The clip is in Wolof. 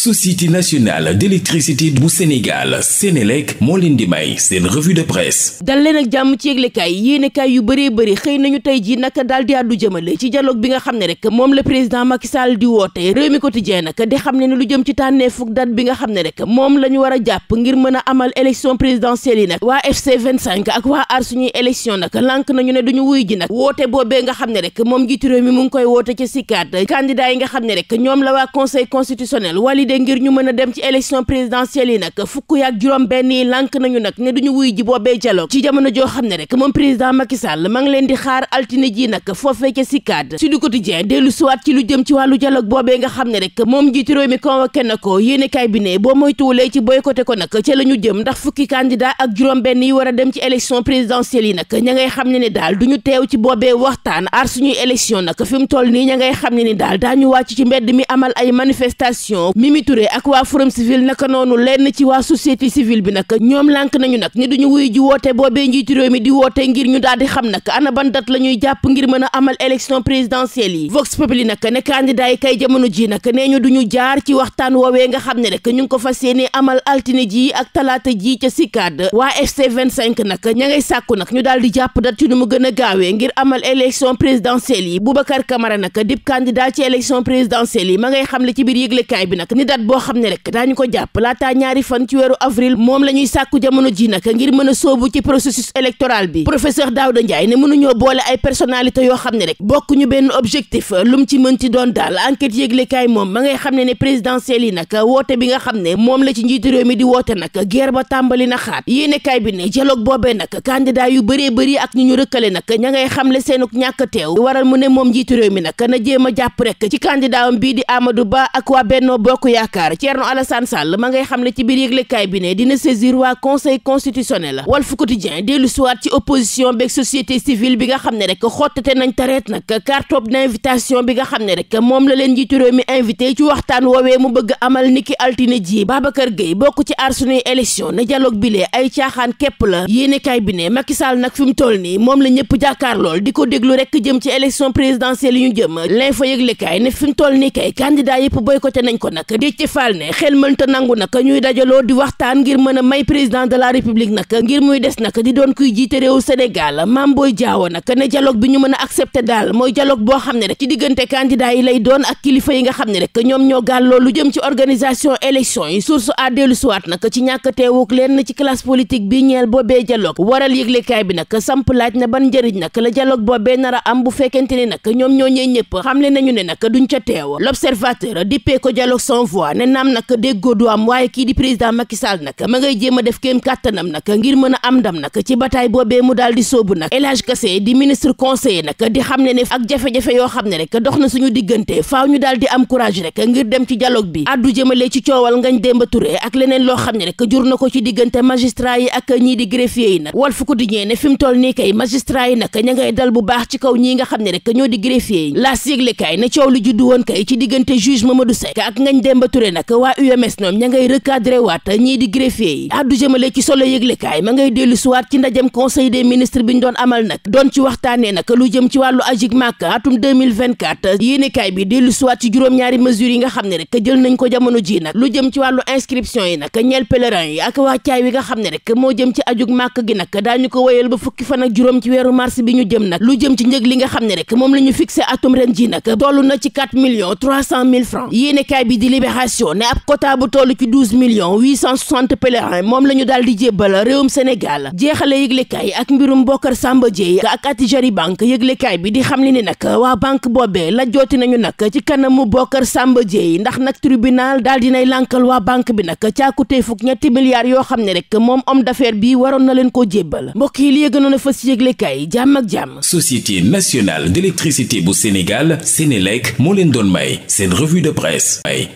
société nationale d'électricité bu Sénégal Sénélec moo leen di may seen revue de presse dal leen ak jàmm ci yëglekaay yéenekaay yu bëree bëri xëy nañu tey ji naka daal di àddu jëmale ci dialogue bi nga xam ne rek moom la président Macky Sall di woote réew mi quotidien nag di xam ne ne lu jëm ci tànneefuk date bi nga xam ne rek moom la ñu war a jàpp ngir mën a amal élection présidentielle yi nag waa FC 25 ak waa aar suñuy élection nag lànk nañu ne duñu wuy ji nag woote boobee nga xam ne rek moom njiitu réew mu ngi koy woote ci sikkaat nga xam ne rek ñoom la waa conseil constitutionnel wali validé ngir ñu mën a dem ci élection présidentielle yi nag fukk ak juróom benn yi lànk nañu nag ne duñu wuy ji boobee dialogue ci jamono joo xam ne rek moom président Macky Sall ma ngi leen di xaar altine ji nag foofee ca CICAD Sud Quotidien dellu suwaat ci lu jëm ci wàllu dialogue boobee nga xam ne rek moom jiitu réew mi convoqué na ko yéene kaay bi ne boo moytuwulee ci boycotté ko nag ca la ñu jëm ndax fukki candidat ak juróom benn yi war a dem ci élection présidentielle yi nag ña ngay xam ne ni daal duñu teew ci boobee waxtaan aar suñuy élection nag fi mu toll nii ña ngay xam ne ni daal daañu wàcc ci mbedd mi amal ay manifestation Mimi Touré ak waa Forum Civil naka noonu lenn ci waa société civile bi nag ñoom lànk nañu nag ni duñu wuyu ji woote boobee njiitu réew mi di woote ngir ñu daal di a amal ne candidat yi kay jamono ji nag nee ñu duñu jaar ci waxtaan woowee nga xam ne rek ñu ko fas yéene amal altine ji ak talaata ji ca CICAD waa FC 25 ña ngay sàkku nag ñu daal jàpp dat ci nu mu gën a ngir amal élection présidentielle yi Boubacar Camara nag dib candidat ci élection présidentielle yi ma ngay xam le ci biir yëglekaay bi nag date boo xam ne rek daañu ko jàpp laataa ñaari fan ci weeru avril moom la ñuy sàkku jamono ji nag ngir mën a sóobu ci processus électoral bi professeur Daouda Ndiaye ne mënuñoo boole ay personnalité yoo xam ne rek bokk ñu benn objectif lu mu ci doon daal enquête yëglekaay moom ma ngay xam ne ne présidentielle yi nag woote bi nga xam ne moom la ci njiitu mi di woote nag guerre tàmbali na xaat yéenekaay bi ne dialogue boobee nag candidat yu bëree mi nag na jéem a yaakaar Thierno Alassane Sall ma ngay xam ne ci biir yëglekaay bi ne dina saisir waa conseil constitutionnel Walf Quotidien dellu siwaat ci opposition beeg société civile bi nga xam ne rek xottate nañ tareet nag carton d'invitation bi nga xam ne rek moom la leen njiitu mi invité ci waxtaan woowee mu bëgg amal niki altine ji Babacar Gueye bokk ci aar sunuy élection ne dialogue bile ay caaxaan képp la yéenekaay bi ne Macky Sall nag fi toll nii moom Déthié Fall ne xel mënta nangu nag ñuy dajaloo di waxtaan ngir mën a may président de la république nag ngir muy des nag di doon kuy jiite réewu Sénégal maam Boye Diao nag ne dialogue bi ñu mën a accepté daal mooy dialogue boo xam ne rek ci diggante candidat yi lay doon ak kilifa yi nga xam ne rek ñoom ñoo gàlloo lu jëm ci organisation élection yi source a dellu siwaat nag ci ñàkk teewuk lenn ci classe politique bi ñeel boobee dialogue waral yëglekaay bi nag samp laaj na ban njëriñ nag la dialogue boobee nar am bu fekkente ne nag ñoom ñoo ñee ñëpp xamle nañu ne nag duñ ca teew l'observateur dippee ko dialogue fois ne naam nag déggoo du am waaye kii di président Macky Sall nag ma ngay jéem a def kéem kàttanam nag ngir mën a am ndam nag ci bataay boobee mu daal di sóobu nag El Hadj Kassé di ministre conseiller nag di xam ne ne ak jafe-jafe yoo xam ne rek dox na suñu diggante faaw ñu daal di am courage rek ngir dem ci dialogue bi addu jëmale ci coowal Ngagne Demba Touré ak leneen loo xam ne rek jur na ko ci diggante magistrat yi ak ñii di greffier yi nag Walf Quotidien ne fi mu toll ni kay magistrat yi nag ña ngay dal bu baax ci kaw ñii nga xam ne rek ñoo di greffier yi laas yëglekaay ne coow lu juddu woon kay ci diggante juge Touré nag waa UMS ñoom ña ngay recadré waat ñii di greffier yi addu jëmale ci solo yëglekaay ma ngay dellu siwaat ci ndajem conseil des ministres bi ñu doon amal nag doon ci waxtaanee nag lu jëm ci wàllu ajik màkk atum 2024 yéenekaay bi dellu siwaat ci juróom-ñaari mesures yi nga xam ne rek jël nañ ko jamono ji nag lu jëm ci wàllu inscription yi nag ñeel pèlerin yi ak wàccaay wi nga xam ne rek moo jëm ci ajug màkk gi nag daañu ko wéyal ba fukki fan ak juróom ci weeru mars bi ñu jëm nag lu jëm ci njëg li nga xam ne rek moom la ñu fixé atum ren ji nag toll na ci 4 millions 300 mille francs yéenekaay bi di Libération ne ab quota bu toll ci douze millions huit cent moom la ñu daal di jébbal réewum Sénégal jeexale yëglekaay ak mbirum Bokar Samba Dièye ak Attijari Bank yëglekaay bi di xam li ni nag waa banque boobee la jooti nañu nag ci kanamu Bokar Samba Dièye ndax nag tribunal daal dinay lankal waa banque bi nag caakutee fukk ñetti milliards yoo xam ne rek moom homme d'affaires bi waroon na leen koo jébbal mbokk yi li yëgënoon a fas ci yëglekaay jàmm ak jàmm Société nationale d'électricité bu Sénégal Sénélec moo leen doon may seen revue de presse may